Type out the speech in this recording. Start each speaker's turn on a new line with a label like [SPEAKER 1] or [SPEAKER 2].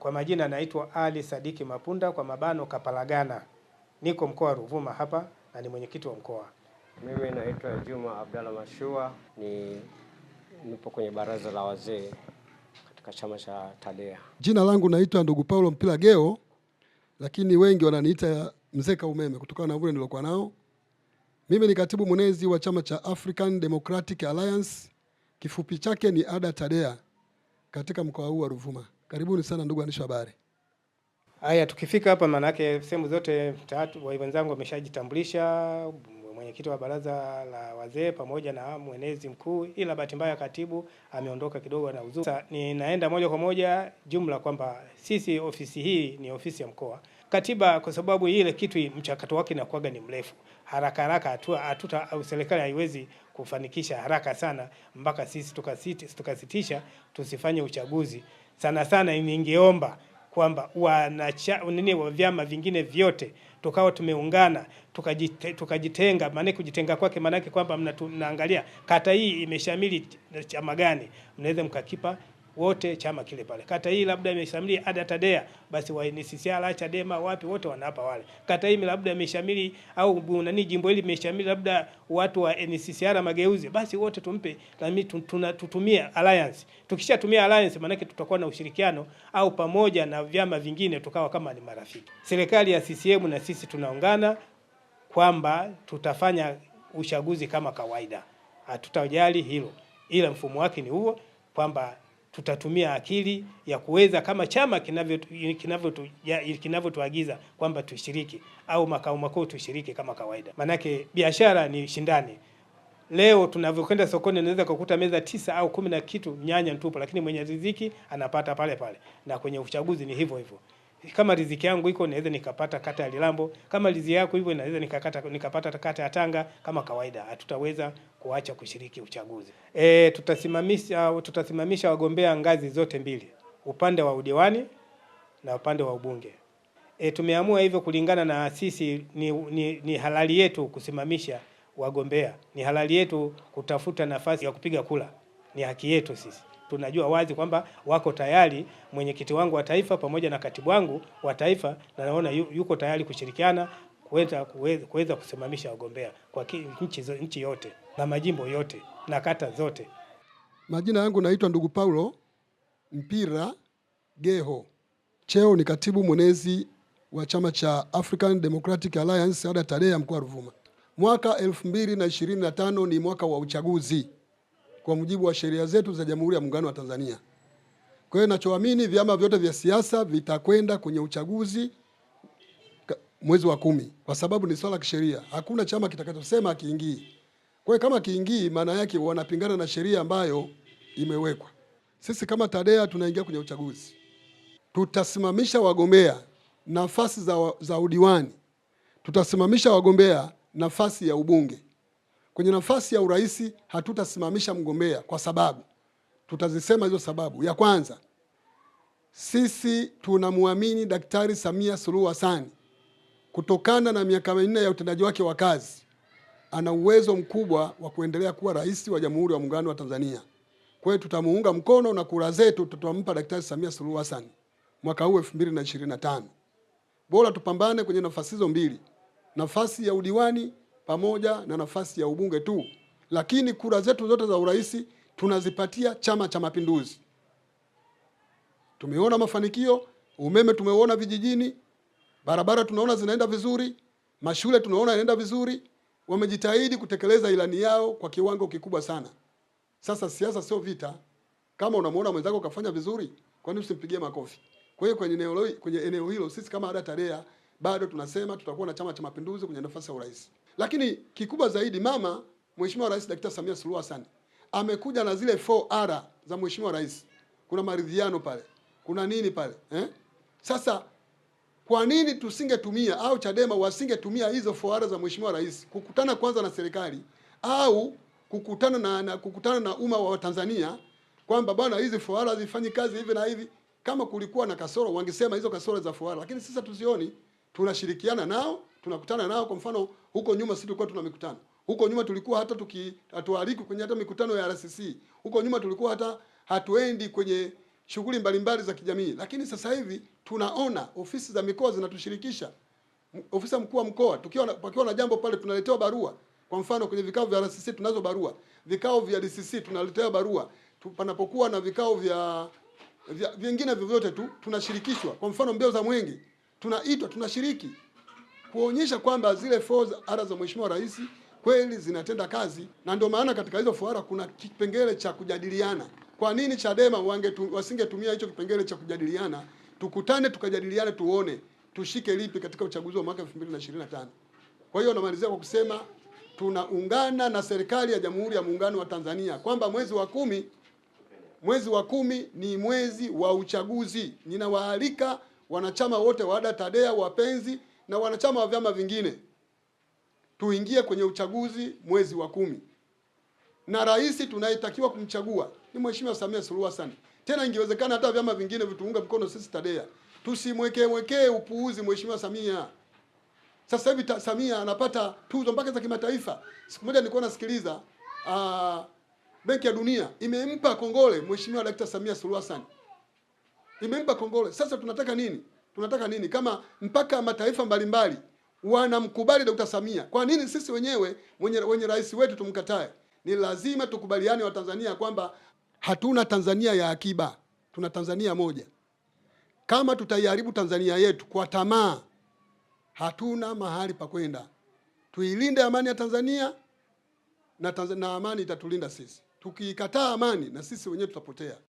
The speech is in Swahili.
[SPEAKER 1] Kwa majina naitwa Ali Sadiki Mapunda kwa mabano Kapalagana, niko mkoa wa Ruvuma hapa na ni mwenyekiti wa mkoa.
[SPEAKER 2] Mimi naitwa Juma Abdalla Mashua, ni nipo kwenye baraza la wazee katika chama cha TADEA.
[SPEAKER 3] Jina langu naitwa ndugu Paulo mpila geo lakini wengi wananiita mzee Kaumeme kutokana na vule nilokuwa nao. Mimi ni katibu mwenezi wa chama cha African Democratic Alliance, kifupi chake ni ADA TADEA, katika mkoa huu wa Ruvuma. Karibuni sana ndugu waandishi wa habari.
[SPEAKER 4] Haya, tukifika hapa maana yake sehemu zote tatu wenzangu wameshajitambulisha, mwenyekiti wa baraza la wazee pamoja na mwenezi mkuu, ila bahati mbaya katibu ameondoka kidogo na uzuri. Sasa ninaenda moja kwa moja jumla kwamba sisi ofisi hii ni ofisi ya mkoa katiba kwa sababu ile kitu mchakato wake inakuwaga ni mrefu, haraka haraka hatuta, serikali haiwezi kufanikisha haraka sana mpaka sisi tukasitisha tusifanye uchaguzi. Sana sana ningeomba kwamba wanacha nini wa vyama vingine vyote tukawa tumeungana tukajite, tukajitenga. Maana kujitenga kwake maanake kwamba mnaangalia kata hii imeshamili chama gani, mnaweza mkakipa wote chama kile pale. Kata hii labda imeshamili ada Tadea, basi wa NCCR Chadema wapi wote wanaapa wale. Kata hii labda imeshamili au nani jimbo hili imeshamili labda watu wa NCCR Mageuzi, basi wote tumpe nami tutumia alliance. Tukishatumia alliance, maana yake tutakuwa na ushirikiano au pamoja na vyama vingine tukawa kama ni marafiki. Serikali ya CCM na sisi tunaungana kwamba tutafanya uchaguzi kama kawaida, hatutajali hilo, ila mfumo wake ni huo kwamba tutatumia akili ya kuweza kama chama kinavyotuagiza kwamba tushiriki au makao makuu tushiriki kama kawaida. Manake biashara ni shindani. Leo tunavyokwenda sokoni, naweza kukuta meza tisa au kumi na kitu nyanya tupo, lakini mwenye riziki anapata pale pale, na kwenye uchaguzi ni hivyo hivyo kama riziki yangu iko naweza nikapata kata ya Lilambo, kama riziki yako hivyo naweza nikakata nikapata kata ya Tanga. Kama kawaida, hatutaweza kuacha kushiriki uchaguzi. E, tutasimamisha tutasimamisha wagombea ngazi zote mbili, upande wa udiwani na upande wa ubunge. E, tumeamua hivyo kulingana na sisi ni, ni, ni halali yetu kusimamisha wagombea, ni halali yetu kutafuta nafasi ya kupiga kula, ni haki yetu sisi tunajua wazi kwamba wako tayari, mwenyekiti wangu wa taifa pamoja na katibu wangu wa taifa, na naona yuko tayari kushirikiana kuweza kusimamisha wagombea kwa nchi, nchi yote na majimbo yote na kata zote.
[SPEAKER 3] Majina yangu naitwa ndugu Paulo Mpira Geho, cheo ni katibu mwenezi wa chama cha African Democratic Alliance ADA tarehe ya mkoa wa Ruvuma. Mwaka 2025 ni mwaka wa uchaguzi kwa mujibu wa sheria zetu za Jamhuri ya Muungano wa Tanzania. Kwa hiyo ninachoamini, vyama vyote vya siasa vitakwenda kwenye uchaguzi mwezi wa kumi, kwa sababu ni swala kisheria. Hakuna chama kitakachosema kiingii Kwa hiyo kama kiingii, maana yake wanapingana na sheria ambayo imewekwa. Sisi kama TADEA tunaingia kwenye uchaguzi, tutasimamisha wagombea nafasi za, za udiwani, tutasimamisha wagombea nafasi ya ubunge kwenye nafasi ya urais hatutasimamisha mgombea kwa sababu tutazisema hizo sababu. Ya kwanza, sisi tunamwamini Daktari Samia Suluhu Hassan kutokana na miaka minne ya utendaji wake wa kazi, ana uwezo mkubwa wa kuendelea kuwa rais wa Jamhuri ya Muungano wa Tanzania. Kwa hiyo tutamuunga mkono na kura zetu tutampa Daktari Samia Suluhu Hassan mwaka huu 2025. Bora tupambane kwenye nafasi hizo mbili, nafasi ya udiwani pamoja na nafasi ya ubunge tu, lakini kura zetu zote za urais tunazipatia Chama cha Mapinduzi. Tumeona mafanikio, umeme tumeona vijijini, barabara tunaona zinaenda vizuri, mashule tunaona yanaenda vizuri. Wamejitahidi kutekeleza ilani yao kwa kiwango kikubwa sana. Sasa siasa sio vita. Kama unamuona mwenzako kafanya vizuri, kwa nini usimpigie makofi? Kwa hiyo kwenye eneo, kwenye eneo hilo sisi kama ADA TADEA bado tunasema tutakuwa na Chama cha Mapinduzi kwenye nafasi ya urais. Lakini kikubwa zaidi, mama Mheshimiwa Rais Daktari Samia Suluhu Hassan amekuja na zile 4R za Mheshimiwa Rais. Kuna maridhiano pale, kuna nini pale eh? Sasa kwa nini tusingetumia au Chadema wasingetumia hizo 4R za Mheshimiwa Rais kukutana kwanza na serikali au kukutana na, na kukutana na umma wa Tanzania kwamba bwana, hizi 4R zifanye kazi hivi na hivi. Kama kulikuwa na kasoro, wangesema hizo kasoro za 4R, lakini sasa tuzioni, tunashirikiana nao tunakutana nao. Kwa mfano huko nyuma sisi tulikuwa tuna mikutano huko nyuma tulikuwa hata tuki hatualikwi kwenye hata mikutano ya RCC. Huko nyuma tulikuwa hata hatuendi kwenye shughuli mbalimbali za kijamii, lakini sasa hivi tunaona ofisi za mikoa zinatushirikisha. Ofisa mkuu wa mkoa tukiwa na, pakiwa na jambo pale tunaletewa barua. Kwa mfano kwenye vikao vya RCC tunazo barua, vikao vya DCC tunaletewa barua, panapokuwa na vikao vya vingine vyovyote tu tunashirikishwa. Kwa mfano mbio za mwenge tunaitwa, tunashiriki kuonyesha kwamba zile 4R za Mheshimiwa Rais kweli zinatenda kazi, na ndio maana katika hizo fuara kuna kipengele cha kujadiliana. Kwa nini Chadema wangetu, wasingetumia hicho kipengele cha kujadiliana? Tukutane tukajadiliane, tuone tushike lipi katika uchaguzi wa mwaka 2025. Kwa hiyo namalizia kwa kusema tunaungana na serikali ya Jamhuri ya Muungano wa Tanzania kwamba mwezi wa kumi mwezi wa kumi ni mwezi wa uchaguzi. Ninawaalika wanachama wote wa ADA TADEA wapenzi na wanachama wa vyama vingine tuingie kwenye uchaguzi mwezi wa kumi, na rais tunayetakiwa kumchagua ni Mheshimiwa Samia Suluhu Hassan. Tena ingewezekana hata vyama vingine vituunge mkono sisi TADEA, tusimwekee mwekee upuuzi Mheshimiwa Samia. Sasa hivi Samia anapata tuzo mpaka za kimataifa. Siku moja nilikuwa nasikiliza uh, Benki ya Dunia imempa kongole Mheshimiwa Dkt. Samia Suluhu Hassan, imempa kongole. Sasa tunataka nini? tunataka nini kama mpaka mataifa mbalimbali wanamkubali Dr. Samia? Kwa nini sisi wenyewe wenye, wenye rais wetu tumkatae? Ni lazima tukubaliane Watanzania kwamba hatuna Tanzania ya akiba, tuna Tanzania moja. Kama tutaiharibu Tanzania yetu kwa tamaa, hatuna mahali pa kwenda. Tuilinde amani ya Tanzania na, Tanzania, na amani itatulinda sisi. Tukiikataa amani na sisi wenyewe tutapotea.